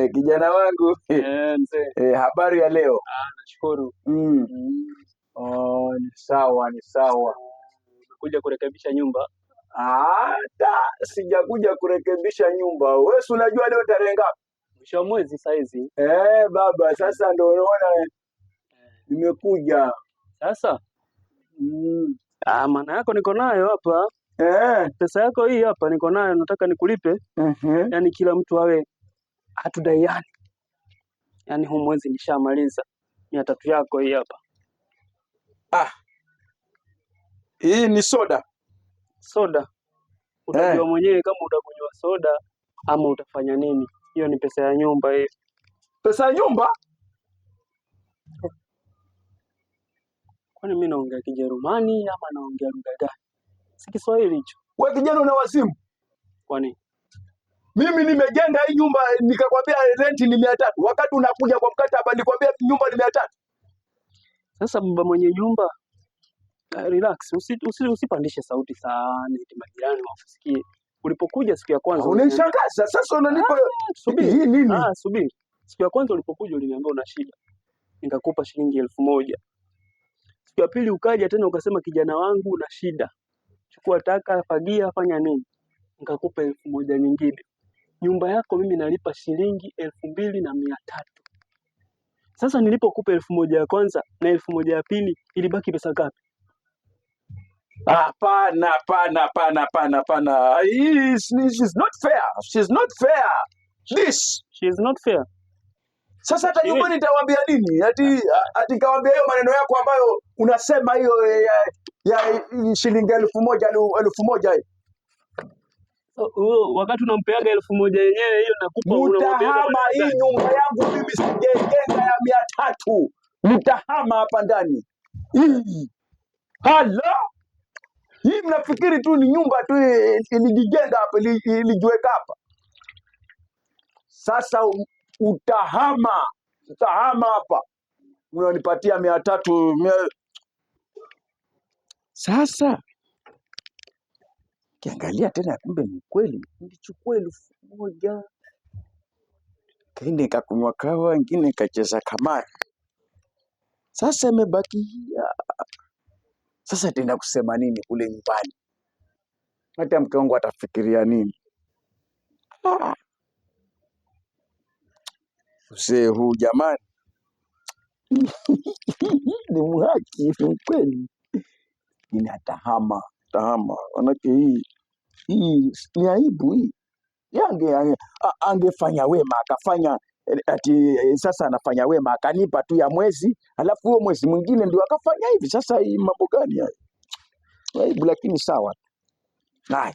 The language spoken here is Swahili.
Eh, kijana wangu eh, eh, habari ya leo? Ah, nashukuru. Mm. Mm. Oh, ni sawa ni sawa. Kuja kurekebisha nyumba hata sijakuja kurekebisha nyumba. wesi unajua leo tarehe ngapi? Mwisho wa mwezi sahizi Eh, baba sasa ndo unaona eh. nimekuja sasa. Mm. Ah, maana yako niko nayo hapa eh. Pesa yako hii hapa niko nayo, nataka nikulipe. uh -huh. Yaani kila mtu awe hatudaiani. Yaani huu mwezi nishamaliza mia tatu yako hii hapa. Ah, hii ni soda soda, utajua hey, eh. mwenyewe kama utakunywa soda ama utafanya nini. Hiyo ni pesa ya nyumba hiyo. Pesa ya nyumba? Kwani mi naongea Kijerumani ama naongea lugha gani? Si Kiswahili hicho. Wewe kijana una wazimu? Kwani mimi nimejenga hii nyumba nikakwambia renti ni mia tatu, wakati unakuja kwa mkataba nikwambia nyumba ni mia tatu. Sasa baba mwenye nyumba, ah, relax, usi, usi, usipandishe sauti sana eti majirani wakusikie. Ulipokuja siku ya kwanza ah, Unanishangaza sasa, unanipa ah, subiri. hii nini? Ah, subiri. Siku ya kwanza ulipokuja uliniambia una shida, nikakupa shilingi elfu moja. Siku ya pili ukaja tena ukasema, kijana wangu una shida, chukua taka, fagia, fanya nini, nikakupa elfu moja nyingine nyumba yako mimi nalipa shilingi elfu mbili na mia tatu. Sasa nilipokupa elfu moja ya kwanza na elfu moja ya pili ilibaki pesa ngapi? Hapana, hapana, hapana, hapana, hapana. She's not fair. She's not fair. This. She's not fair. Sasa hata She- nyumbani nitawaambia nini? Ati ati kawaambia hiyo maneno yako ambayo unasema hiyo eh, ya, ya, ya shilingi elfu moja elfu moja hii. Uh, wakati unampeaga elfu moja yenyewe hiyo nakupa, unamwambia hii nyumba yangu mimi, sijaegeza ya mia tatu, mtahama hapa ndani hii. Hala, hii mnafikiri tu ni nyumba tu eh, eh, ilijijenga hapa, eh, ilijiweka hapa. Sasa utahama, utahama hapa, unanipatia mia tatu mia... Sasa kiangalia tena kumbe ni kweli, nilichukua elfu moja. kaine kakunywa kawa, ngine kacheza kamari. Sasa imebakia. Sasa tena kusema nini kule nyumbani? Hata mke wangu atafikiria nini? Ah, Mzee huu jamani, ni muhaki ni mkweli, ninatahama tahama, manake hii hii ni aibu hii. Yeye ange, ange, angefanya wema akafanya eh, ati eh, sasa anafanya wema akanipa tu ya mwezi, alafu huo mwezi mwingine ndio akafanya hivi. Sasa hii mambo gani hayo? Aibu, lakini sawa. Haya.